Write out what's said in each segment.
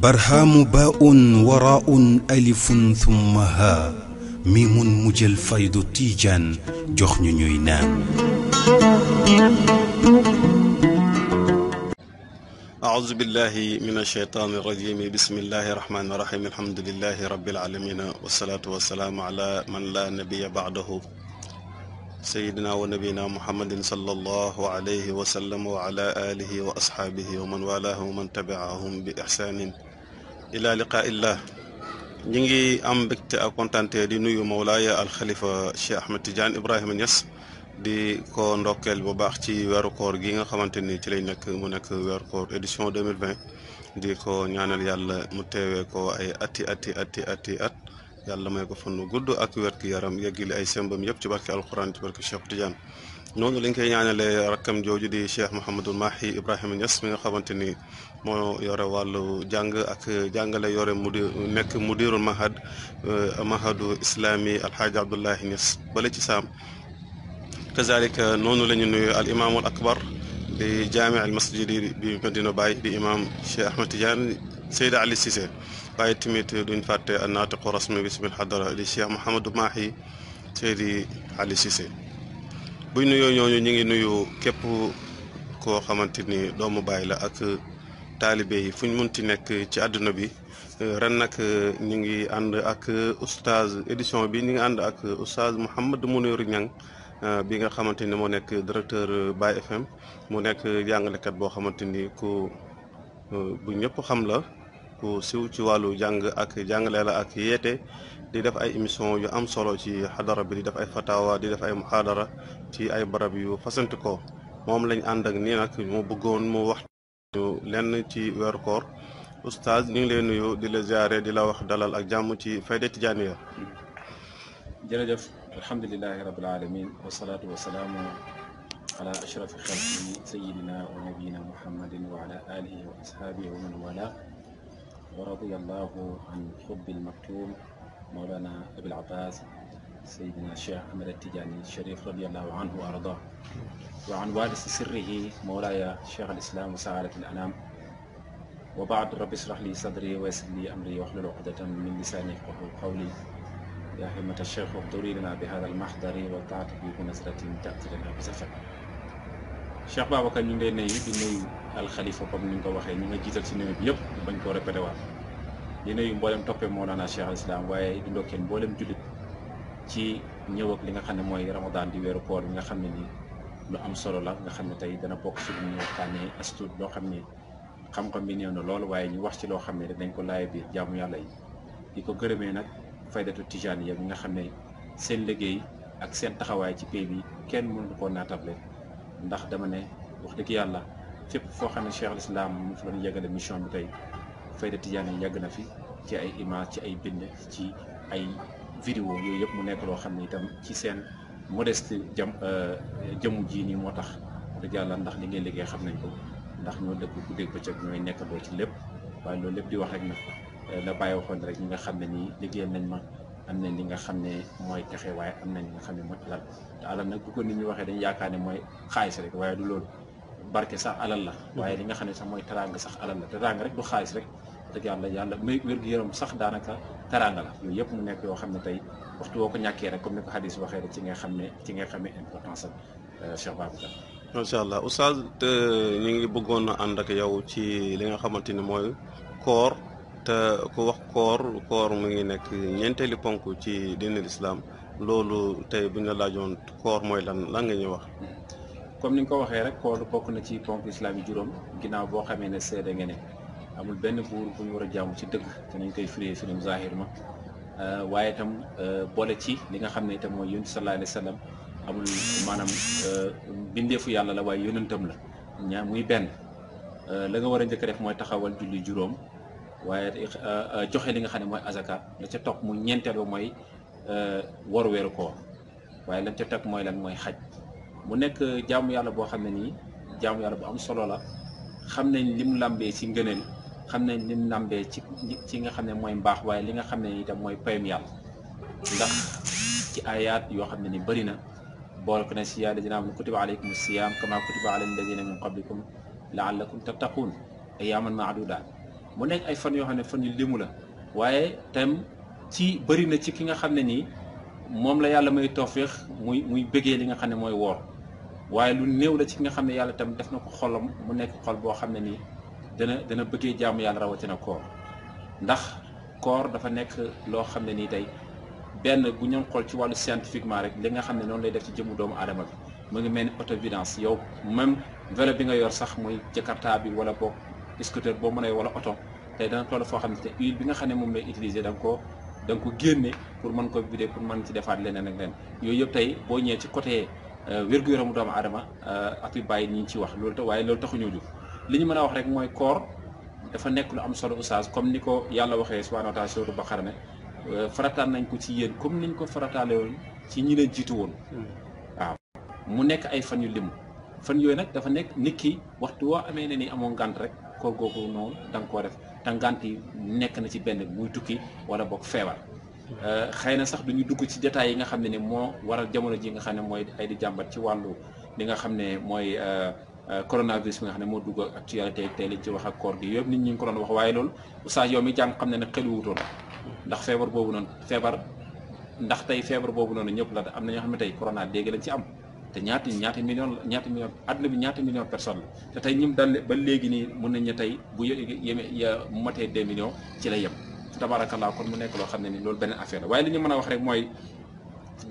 برهام باء وراء ألف ثم ها ميم مجل فيض تيجان جخن يوينان أعوذ بالله من الشيطان الرجيم بسم الله الرحمن الرحيم الحمد لله رب العالمين والصلاة والسلام على من لا نبي بعده سيدنا ونبينا محمد صلى الله عليه وسلم وعلى آله وأصحابه ومن والاه ومن تبعهم بإحسان إلى لقاء الله نيجي أم بكت أكونتان تيدي مولاي الخليفة الشيخ أحمد تجان إبراهيم نيس دي كون روكيل بباخ تي ويرو كور جيغا خمانتيني تي لاي نيك 2020 دي كو نيانال يالا مو تيوي اي اتي اتي اتي, أتي, أتي, أتي. yàlla may ko fannu guddu ak wergu yaram yeggil ay sembam yeb ci barke alquran ci barke Cheikh Tidiane nonu lañ koy ñaanale rakam joju di Cheikh Mouhamadul Mahi ibrahim Niass mi nga xamanteni mo yore walu jàng ak jàngale yore mudir nek mudirul mahad mahadu islami alhaj abdullah Niass bale ci sam kazalika nonu lañ nuyu al imaamul akbar di jami' al masjidi bi Medina bay di imam Cheikh Ahmed Tidiane سيد علي السيسي waaye tamit duñ fàtte annaatiqu rasmi bi ismil xadara di Cheikh Mouhamadou Mahi Seydi Ali Cissé buñ nuyoo ñooñu ñu ngi nuyu képp koo xamante ni doomu bàyyi la ak taalibe yi fuñ munti nekk ci àdduna bi ren nag ñu ngi ànd ak oustaz édition bi ñu ngi ànd ak oustaz Mouhamed Mounir Niang bi nga xamante ni moo nekk directeur Baye FM mu nekk jàngalekat boo xamante ni ku bu ñëpp xam la ku siw ci wàllu jàng ak jàngale la ak yeete di def ay émission yu am solo ci xadara bi di def ay fatawa di def ay muxaadara ci ay barab yu fasanti moom lañ ànd ak nii nag mu bëggoon mu wax lenn ci weeru koor oustaz ñu ngi leen nuyu di la ziare di la wax dalal ak jàmm ci fayda tijaaniya jërëjëf alhamdulilahi rabil alamin wasalaatu wasalaamu ala ورضي الله عن حب المكتوم مولانا أبي العباس سيدنا الشيخ أحمد التجاني الشريف رضي الله عنه وأرضاه وعن وارث سره مولاي شيخ الإسلام وسعادة الأنام وبعد رب اشرح لي صدري ويسر لي أمري واحلل عقدة من لساني يفقه قولي يا همة الشيخ اغدري لنا بهذا المحضر وتعطي بنزرة تأتي لنا بزفر شيخ بابا كان يقول لنا alxalifa comme ni nga ko waxee ñu nga jiital si néew bi yëpp bañ koo répété waat di nuyu mboolem toppee Mawlana Cheikh al Islam waaye di ndokkeen mboolem jullit ci ñëw li nga xam ne mooy ramadan di weeru koor bi nga xam ne nii lu am solo la nga xam ne tey dana bokk si lu ñu waxtaanee astuut loo xam ne xam-xam bi néew na lool waaye ñu wax ci loo xam ne dañ ko laaj biir jaamu yàlla yi di ko gërëmee nag faydatu tijaaniya bi nga xam ne seen liggéey ak seen taxawaay ci pays bi kenn mënu koo naatable ndax dama ne dëgg yàlla fépp foo xam ne Cheikh al Islam mu fi doon yàggale mission bi tey fayda Tidiane yàgg na fi ci ay image ci ay bind ci ay vidéo yooyu yëpp mu nekk loo xam ne itam ci seen modest jam euh, jëmu ji nii moo tax dëgg yàlla ndax li ngay liggéey xam nañ ko ndax ñoo dëkk ku dégg bëccëg ñooy nekkandoo ci lépp waaye loolu lépp di wax rek na la euh, bàyyi waxoon rek ñi nga xam ne nii liggéeyal nañ ma am nañ li nga xam ne mooy texe am nañ li nga xam ne mooy alal te alal nag bu ko nit ñi waxee dañ yaakaar ne mooy xaalis rek waaye du loolu barke sax alal la waaye li nga xam ne sax mooy teraanga sax alal la teraanga rek du xaalis rek dëgg yàlla yàlla may wér-gu-yaram sax daanaka teraanga la yooyu yëpp mu nekk yoo xam ne tey waxtu woo ko ñàkkee rek comme ni ko xadis waxee rek ci nga xam ne ci nga xamee importance ak euh, Cheikh Babacar macha allah oustaz ñu ngi bëggoon ànd ak yow ci li nga xamante ni mooy koor te ku wax koor koor mu ngi nekk ñeenteeli ponk ci diinal islaam loolu tey bu ñu laajoon koor mooy lan lan nga ñuy wax mm-hmm. comme ni nga ko waxé rek koor bokk na ci ponk islam yi juróom ginaaw bo xamé ne sédé nga ne amul benn bour bu ñu war a ci dëgg te nañ koy firee firim zahir ma euh waye tam euh bolé ci li nga xamné tam moy yunus sallallahu alayhi wa sallam amul maanaam bindeefu yàlla la way yonentam la ñaa muy benn euh la nga wara a def moy taxawal julli juróom waaye joxe li nga xamné moy azaka la ci top mu ñentelo moy euh war wër ko waye lan ci topp moy lan moy xajj mu nekk jaamu yàlla boo xam ne nii jaamu yàlla bu am solo la xam nañ lim làmbee ci ngëneel xam nañ lim làmbee ci ci nga xam ne mooy mbaax waaye li nga xam ne itam mooy payam yàlla ndax ci ayaat yoo xam ne ni bëri na boole ko ne si yàlla dina am kutiba aleykum siyaam kama kutiba ala alladina min qablikum laallakum tattaquun ayaaman maadudaat mu nekk ay fan yoo xam ne fan yu limu la waaye tam ci bëri na ci ki nga xam ne nii moom la yàlla may tawfiix muy muy bëggee li nga xam ne mooy woor waaye lu néew la ci nga xam ne yàlla itam def na ko xolam mu nekk xol boo xam ne nii dana dana bëggee jaamu yàlla rawatina koor ndax koor dafa nekk loo xam ne nii tey benn bu ñu xool ci wàllu scientifiquement rek li nga xam ne noonu lay def ci jëmu doomu aadama bi mu ngi mel ni autovidance yow même vélo bi nga yor sax muy jakarta bi wala boog scooter boo mën a wala oto tey dana toll foo xam ne te huile bi nga xam ne moom lay utiliser da ko da ko génne pour mën ko vider pour mën ci defaat leneen ak leneen yooyu yëpp tey ci côté Euh, wérgu yaramu doomu aadama euh, ak yu bàyyi ñi ci wax loolu tax waaye loolu taxu ñoo jóg li ñu mën a wax rek mooy koor dafa nekk lu am solo oustaz comme ni ko yàlla waxee subhanahu wa taala sooru Baqara ne euh, farataal nañ ko ci yéen comme niñ ko farataale woon ci ñi leen jiitu woon hmm. waaw mu nekk ay fan yu lim fan yooyu nag dafa nekk nit ki waxtu woo amee ne ni amoo ngànt rek koor googu noonu da koo def te ngànt yi nekk na ci benn muy tukki wala boog feebar Euh, xëy na sax duñu dugg ci détails yi nga xam ne ni moo waral jamono ji nga xam ne mooy ay di jàmbat ci wàllu li nga xam ne mooy euh, euh, coronavirus bi nga xam ne moo dugg ak actualité tey liñ ci wax ak koor gi yëpp nit ñi ngi ko doon wax waaye loolu oustaz yow mi jàng xam ne ne xel wuutoon ndax feebar boobu noonu feebar ndax tey feebar boobu noonu ñëpp la am na ñoo xam ne tey corona léegi lañ ci am te ñaata ñaata million la ñaata million àdduna bi ñaata million personne la te tey ñim dal ba léegi nii mën nañ ne tey bu yeme ya matee deux millions ci la yem تبارك الله كون مو نيك لو خامني ني لول بنين افير واي لي ني مانا واخ ريك موي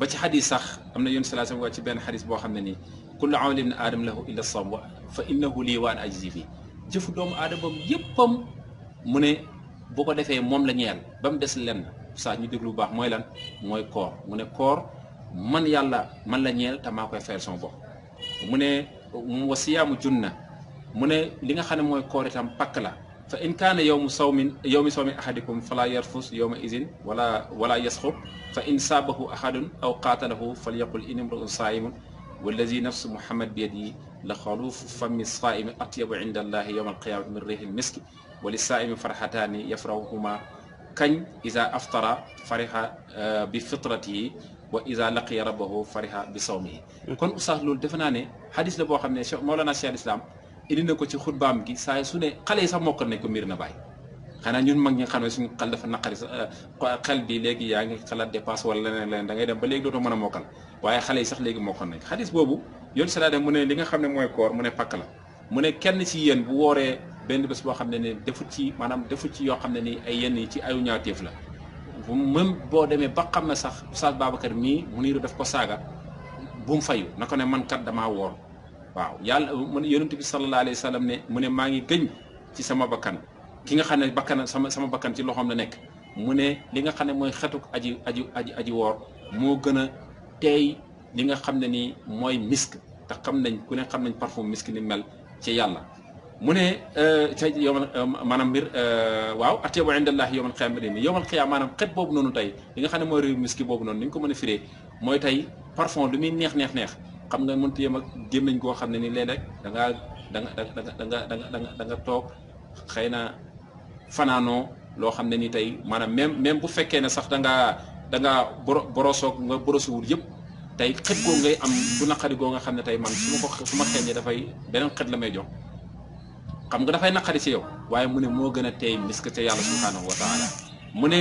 با تي حديث صاح امنا يونس صلى الله عليه وسلم بن حديث بو خامني كل عمل ابن ادم له الا الصوم فانه لي وان اجزي فيه جيف دوم ادم بام ييبام مو ني بوكو ديفاي موم لا نيال بام ديس لن سا ني ديغلو باخ موي لان موي كور مو ني كور من يالا من لا نيال تا ماكاي فير سون بو مو ني وصيام جنة مو ني ليغا خامني موي كور تام باك فإن كان يوم صوم يوم صوم أحدكم فلا يرفث يومئذ ولا ولا يسخب فإن سابه أحد أو قاتله فليقل إن امرؤ صائم والذي نفس محمد بيده لخلوف فم الصائم أطيب عند الله يوم القيامة من ريح المسك وللصائم فرحتان يفرحهما كن إذا أفطر فرح آه، بفطرته وإذا لقي ربه فرح بصومه. كن أصحل loolu حديث naa ne مولانا la الإسلام indi na ko ci baam gi saa su ne xale yi sax mokkal nañ ko mbir na bàyyi xanaa ñun mag ñi xam ne suñu xel dafa naqari sax euh, xel bi léegi yaa ngi xalaat dépasse wala leneen leneen da ngay dem ba léegi dootoo mën a mokkal waaye xale yi sax léegi mokkal nañ xadis boobu sa salaade mu ne li nga xam ne mooy koor mu ne pakk la mu ne kenn ci yéen bu wooree benn bés boo xam ne ne defut ci maanaam defut ci yoo xam ne ni ay yenn yi ci ayu ñaawteef la même boo demee ba xam ne sax Oustaz Babacar mii mu niiru daf ko saaga bu mu fayu na ne man kat damaa woor waaw yàlla mu ne yonent bi sallallahu alayhi wa sallam ne mu ne maa ngi gëñ ci sama bakkan ki nga xam ne bakkan sama sama bakkan ci loxoom la nekk mu ne li nga xam ne mooy xetuk aji aji aji aji woor moo gën a teey li nga xam ne nii mooy misk te xam nañ ku ne xam nañ parfum misk ni mel ci yàlla mu ne euh, ca yow euh, maanaam mbir euh, waaw ateebu indallah yowmal xiyaama réew mi yowmal xiyaama maanaam xet boobu noonu tey li nga xam ne mooy réew miski boobu noonu ni ñu ko mën mooy tey parfum lu muy neex neex neex xam nga mënut yem ak gémmiñ goo xam ne nii léeg rek da ngaa da nga nga da da da nga toog xëy na fanaanoo loo xam ne nii tey maanaam même même bu fekkee ne sax da ngaa da ngaa borosoog nga borosiwul yëpp tey xet goo ngay am du naqari goo nga xam ne tey man su ma ko su ma xeeñee dafay beneen xet la may jox xam nga dafay naqari ci yow waaye mu ne moo gën a teey misk ca yàlla subhaanahu wa taala mu ne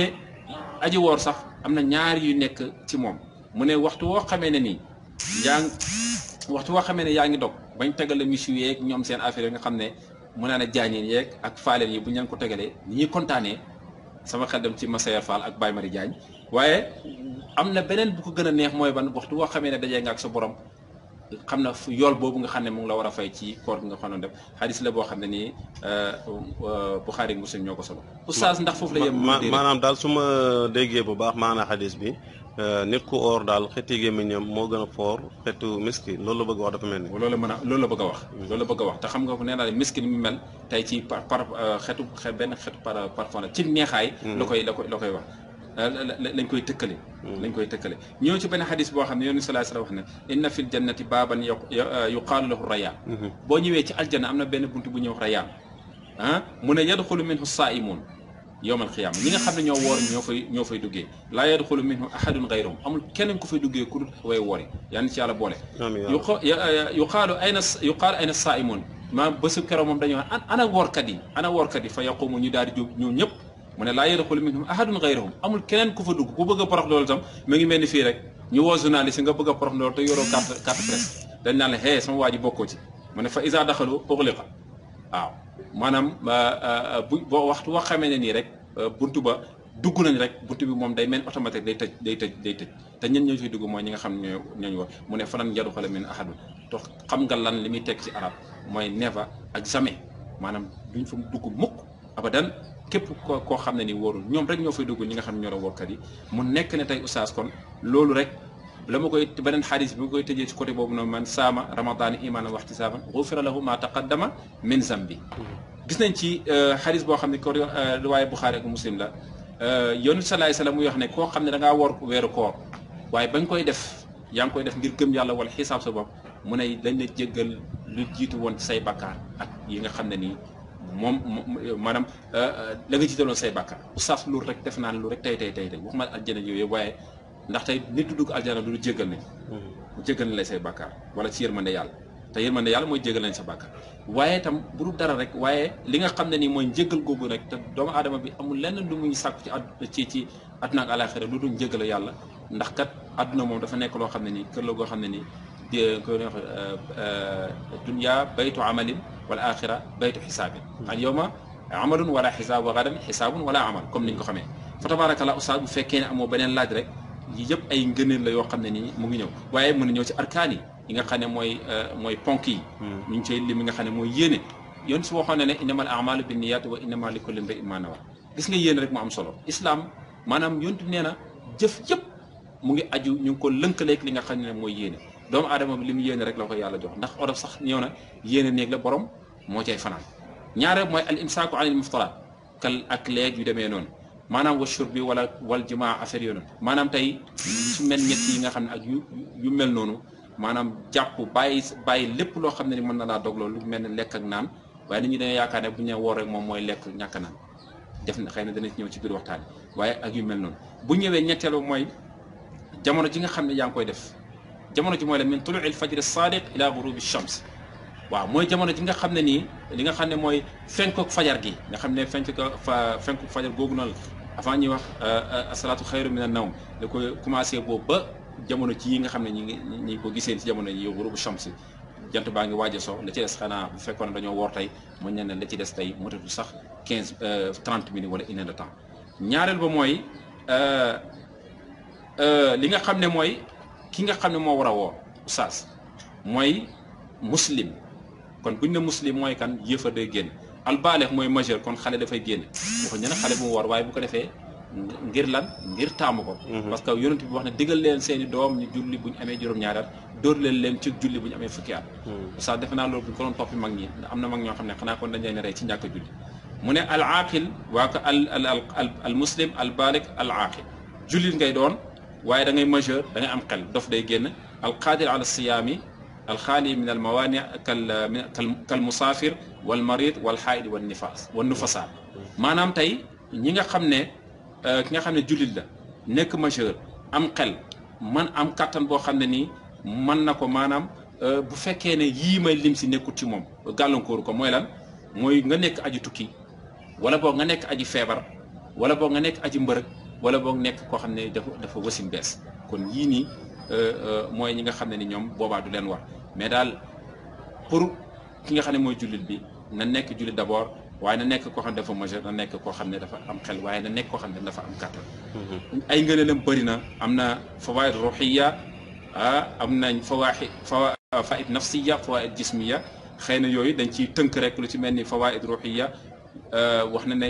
aji woor sax am na ñaar yu nekk ci moom mu ne waxtu woo xamee ne nii yaa ngi waxtu woo xamee ne yaa ngi dog bañ tegal la michu yeeg ñoom seen affaire yi nga xam ne mën naa ne jaañeen yeeg ak faaleen yi bu ñu ko tegalee ni ñuy kontaanee sama xel dem ci Massayer Fall ak Baye Marie Diagne waaye am na beneen bu ko gën a neex mooy ban waxtu boo xamee ne dajee nga ak sa borom xam na yool boobu nga xam ne mu ngi la war a fay ci koor gi nga xam ne def xadis la boo xam ne nii euh, Buxaari Muslim ñoo ko solo. oustaz ndax foofu la yem. maanaam daal su ma déggee bu baax maanaam xadis bi. Euh, nit ku or daal xeeti gémmiñam moo gën a foor xeetu miski loolu la bëgg a wax dafa mel ni loolu la mën a loolu la bëgg a wax loolu la bëgg a wax te xam nga nee naa miski ni mu mel tey ci par par euh, xeetu benn xeetu par euh, parfum la ci neexaay hmm. la koy la koy la koy wax lañ koy tëkkale hmm. lañ koy tëkkale ñëw ci benn xadis boo xam ne yoonu sallallahu alayhi wasallam wax ne inna fil jannati baaban yuqaalu lahu rayaan hmm. boo ñëwee ci aljana am na benn bunt bu ñëw rayaan ah mu ne yadxulu minhu saaimuun يوم القيامه ني خا نيو وور نيو فاي نيو فاي دوغي لا يدخل منه احد غيرهم امول كنن كوفاي دوغي كود واي ووري يعني سي الله بوله يقال اين يقال اين الصائمون ما بس كرام مام دانيو انا وور كدي انا وور كدي فيقوم ني دار جوب نيو نيب من لا يدخل منهم احد غيرهم امول كنن كوفا في كو بوغا بروخ لول تام ميغي ملني في رك ني وور جورناليست nga بوغا بروخ لول تا يورو كارت كارت بريس دنجنال هي سما واجي بوكو سي من فاذا دخلوا اغلق واو آه. maanaam euh, euh, bu boo waxtu woo xamee ne nii rek euh, buntu ba dugg nañ rek buntu bi moom day mel automatique day tëj day tëj day tëj te ñen ñoo ciy dugg mooy ñi nga xam ne ñooñu wax mu ne fanan jaru xale min ahadu to xam nga lan li muy tekk ci arab mooy neefa ak jamais maanaam duñ fa dugg mukk abadan képp ko koo xam ne ni wóorul ñoom rek ñoo fay dugg ñi nga xam ne ñoo doon wóorkat mu nekk ne tey oustaz kon loolu rek لما كوي تبان الحديث بلما كوي تجي تقولي بابنا من سامة رمضان إيمان الله تسامة غفر له ما تقدم من زمبي جسنا إن شيء حديث بوخم ذكر رواية بخاري ومسلم لا يونس الله يسلم ويا هني كوخم نرجع ور ور كور واي بن كوي دف يان كوي دف نيركم يلا والحساب سبب من أي دنيا جعل لجيت وان سي بكار يين خم دني مم مادام لجيت وان سي بكار وصاف لورك تفنان لورك تي تي تي تي وهم الجنة جوية واي ndax tay nit du aljana du jéggal nañ mu jéggal nañ lay say bakkar wala ci yermane yàlla te yermane yàlla moy jéggal nañ sa bakkar waye tam bu du dara rek waye li nga xamné ni moy jéggal njéggal rek te doom adama bi amul lenn lu muy sàkku ci ci ci àdduna ak alaxira lu du jéggal yàlla ndax kat aduna mom dafa nek lo xamné ni keur kër la goo xam ne di ko wax euh dunya baytu amalin wal akhirah baytu xisaabin al yawma amalun wala hisab wa ghadan hisabun wala amal comme ni nga xamee fa tabaraka ustaz bu fekkee amo benen laaj rek yi yëpp ay ngëneel la yoo xam ne nii mu ngi ñëw waaye mën na ñëw si arkaan yi yi nga xam ne mooy euh, mooy ponk yi hmm. ñu ngi ci lim yi nga xam ne mooy yéene yoon su waxoon ne ne innamal amalu bin niyaat wa innama li kulli mri'in ma nawa gis nga yéene rek mu am solo islam maanaam yontu nee na jëf yëpp mu ngi aju ñu ngi ko lënkaleeg li nga xam ne mooy yéene doomu aadama bi li mu yéene rek la ko yàlla jox ndax olof sax ñëw na yéene néeg la borom moo cay fanaan ñaare mooy al imsaaku anil muftaraat kal ak léeg yu demee noonu maanaam wa bi wala wal jumaa affaire yooyu maanaam tey su mel ñett yi nga xam ne ak yu yu mel noonu maanaam jàpp bàyyi bàyyi lépp loo xam ne ni mën na laa dog loolu mel ne lekk ak naan waaye ni ñu dañoo yaakaar ne bu ñu woo rek moom mooy lekk ñàkk naan def na xëy na dana ci ñëw ci biir waxtaan waaye ak yu mel noonu bu ñëwee ñetteelu mooy jamono ji nga xam ne yaa ngi koy def jamono ji mooy la min tuluil fajri sadiq ila gurubi shams waaw mooy jamono ji nga xam ne nii li nga xam ne mooy fenkook fajar gi nga xam ne fenk fa fenkook fajar googu noonu avant ñuy wax euh, euh, asalaatu xayru mina nawm da ko commencé boobu ba jamono ci yi nga xam ne ñi ngi ñi ko gisee ci jamono yi wuru bu shamsi jant baa ngi waaj a so la bu fekkoon dañoo woor tey mu ne la ci des tey motatu sax quinze euh, trente minutes wala une heure de ñaareel ba mooy li nga xam ne mooy ki nga xam ne moo war a woor oustaz mooy muslim kon buñ ne muslim moy kan yeufa day génn al albaaleex moy majeur kon xale da fay génn dafa ñu ne xale bu wor way bu ko défé ngir lan ngir tam ko parce que yonent bi wax ne digël leen seen doom ñu julli buñ amé juróom-ñaari dor leen leen ci julli buñ amé fukki at sa defe naa loolu bu ko don topi mag ñi amna mag ñoo xamné xana xanaa kon dañ né rey ci ñaka julli mu ne al aqil wa ka al al al muslim al baalik al aqil julli ngay doon waye da ngay majeur da ngay am xel dof day génn al qadir ala siyaami الخالي من الموانع كالمسافر والمريض والحائض والنفاس والنفساء ما نام تاي نيغا خامني كيغا خامني جوليت لا نيك ماجور ام خل من ام كاتان بو خامني ني من نكو مانام بو فكي ني ييما ليم سي نيكوت تي موم غالون كور كو موي لان موي nga آه، nek آه، aji tukki wala bo nga nek aji febar wala bo nga nek aji mbeureuk wala bo nek ko xamne dafa dafa wosim bes kon yi ni mooy ñi nga xam ne ni ñoom boobaa du leen war mais daal pour ki nga xam ne mooy jullit bi na nekk jullit d'abord waaye na nekk koo xam ne dafa majeur na nekk koo xam ne dafa am xel waaye na nekk koo xam ne dafa am kàttan ay ngëneelam bëri na am na fawaid ruhiya ah am nañ fawaaxi fawa fawaid nafsiya fawaid jismiya xëy na yooyu dañ ciy tënk rek lu ci mel ni fawaid ruhiya wax na ne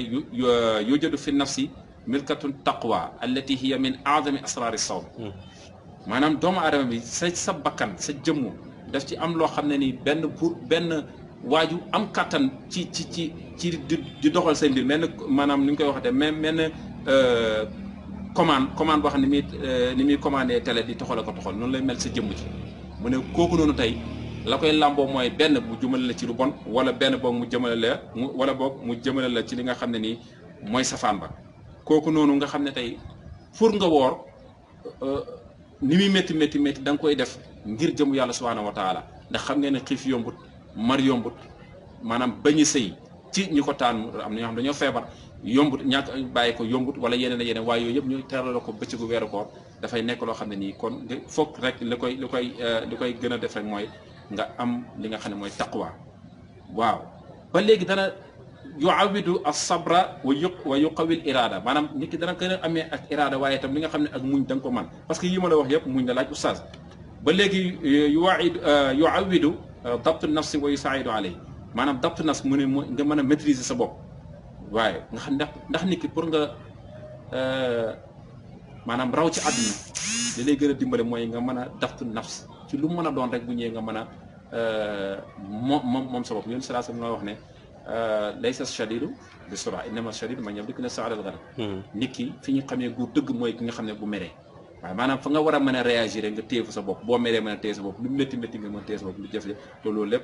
yujadu fi nafsi milkatun taqwa allati hiya min aadami asrari sawm maanaam doomu aadama bi sa sa bakkan sa jëmmu daf ci am loo xam ne nii benn pour benn waaju am kàttan ci ci ci ci di doxal seen mbir mel ne maanaam ni ñu koy waxatee mais mel ne euh, commande commande boo xam ne ni muy euh, ni muy commandé télé di toxale ko toxal noonu lay mel sa jëmm ci mu ne kooku noonu tey la koy làmboo mooy benn bu jëmale la ci lu bon wala benn boog mu jëmale la mu wala boog mu jëmale la ci li nga xam ne nii mooy safaan ba kooku noonu nga xam ne tey pour nga woor euh, ni muy métti métti métti da nga koy def ngir jëm yàlla subhaanahu wa taala ndax xam ngeen ne xiif yombut mar yombut maanaam bañ ñu sëy ci ñu ko taan am na ñoo xam dañoo feebar yombut ñàkk bàyyi ko yombut wala yeneen a yeneen waaye yooyu yëpp ñu teral ko bëccëgu weeru koor dafay nekk loo xam ne nii kon fokk rek li koy lu koy euh, li koy gën a def rek mooy nga am li nga xam ne mooy taqwa waaw ba léegi dana yuawidu as-sabra wa yu wa yuqawil iraada maanaam nit ki dana gën a amee ak iraada waaye itam li nga xam ne ak muñ da nga ko man parce que yi ma la wax yëpp muñ la laaj oustaz ba léegi yuwaidu euh, yuawidu euh, euh, dabtu nafsi wa yusaidu alay maanaam dabtu nafs mu ne nga mën a maîtriser sa bopp waaye nga xam ndax ndax nit ki pour nga maanaam raw ci àdduna li lay gën a dimbale mooy nga mën a dabtu nafs ci lu mu mën a doon rek bu ñëwee nga mën a moom moom moom sa bopp yoon salaasam nga wax ne ليس الشرير بسرعه انما الشرير من يملك نفسه على الغلط نيكي في ني خامي غور دغ موي كي خامي بو مéré waaye maanaam fa nga war a mën a réagir nga téye fa sa bopp boo meree mën a téye sa bopp lu métti métti nga mën a téye sa bopp lu jafe te loolu lépp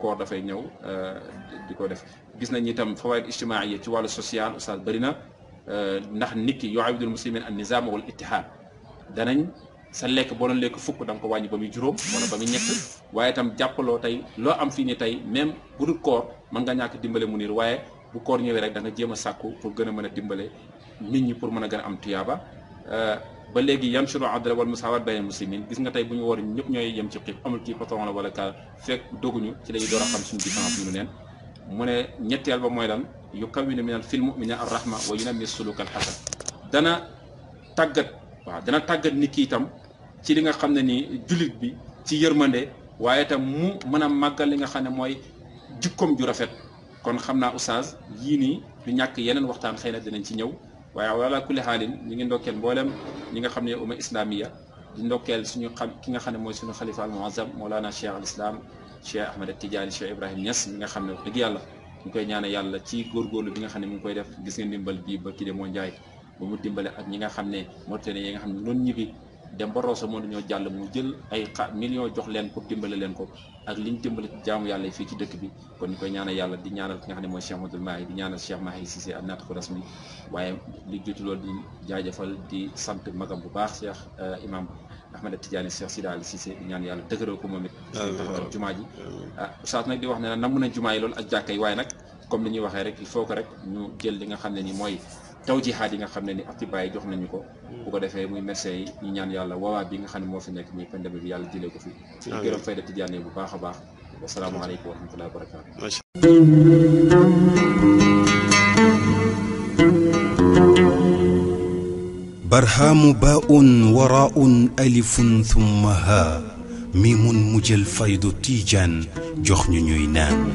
koor dafay ñëw di ko def gis nañ itam fawaid ijtimaaiya ci wàllu social oustaz bëri na ndax nit ki yoo abidul muslimin an nizam wal ittihad danañ sa lekk boo doon lekk fukk da nga ko wàññi ba muy juróom wala ba muy ñett waaye itam jàppaloo tey loo am fii ni tey même bu dul koor mën nga ñàkk dimbale mu niir waaye bu koor ñëwee rek da nga a sàkku pour gën a mën a dimbale nit ñi pour mën a gën a am tuyaaba euh, ba léegi yan suro wal wala musawar bayna muslimin gis nga tey bu ñu war ñëpp ñooy yem ci xiif amul kii patron la wala ka fekk doguñu ci lañu door a xam suñu différence ñu neen mu ne ñetteel ba mooy lan yu kawinu minal fil mumina ar rahma wa yunammi suluka al hasan dana tàggat waaw dana tàggat nit ki itam ci li nga xam ne nii jullit bi ci yërmande waaye tam mu mën a màggal li nga xam ne mooy jikkoom ju rafet kon xam naa oustaz yii nii du ñàkk yeneen waxtaan xëy na dinañ ci ñëw waaye wala kulli xaalin ñu ngi ndokkeel mboolem ñi nga xam ne umma islamiya di ndokkeel ñu xam ki nga xam ne mooy suñu xalifa al moo Mawlana Cheikh al Islam Cheikh Ahmed Tidiane Cheikh Ibrahim Niass mi nga xam ne wax dëgg yàlla ñu koy ñaane yàlla ci góor góorgóorlu bi nga xam ne mu ngi koy def gis ngeen dimbal bii ba kii de moo dimbale ak ñi nga xam ne Mauritanie yi nga xam ne noonu ñibbi dem ba Rosso moo dañoo jàll mu jël ay xa millions jox leen ko dimbale leen ko ak li ñu dimbale jaamu yàlla fii ci dëkk bi kon ñu koy ñaanal yàlla di ñaanal ki nga xam ne mooy Cheikh Madoul Mahi di ñaanal Cheikh Mahi Cissé ak naata ko rasmi waaye li jiitu loolu di jaajëfal di sant magam bu baax Cheikh euh, Imam Ahmed Tidiane Cheikh Sida Ali Cissé di ñaan yàlla dëgëral ko moom it taxawal jumaa ji ah saat nag di wax ne na namm a jumaa yi loolu ak jàkka yi waaye nag comme li ñuy waxee rek il faut que rek ñu jël li nga xam ne ni mooy tawjihaat yi nga xam ne ni atibaa yi jox nañu ko mm. bu ko defee muy merci ñi ñaan yàlla wawaa bi nga xam ne moo fi nekk muy pandémie bi yàlla jëlee ko fi ci gërëm fayda tijaane bu baax a baax wasalaamaaleykum wa rahmatullahi wa barakaatu barhaamu baun waraun alifun thumma ha mi mun mujjël faydu jox ñu ñuy naan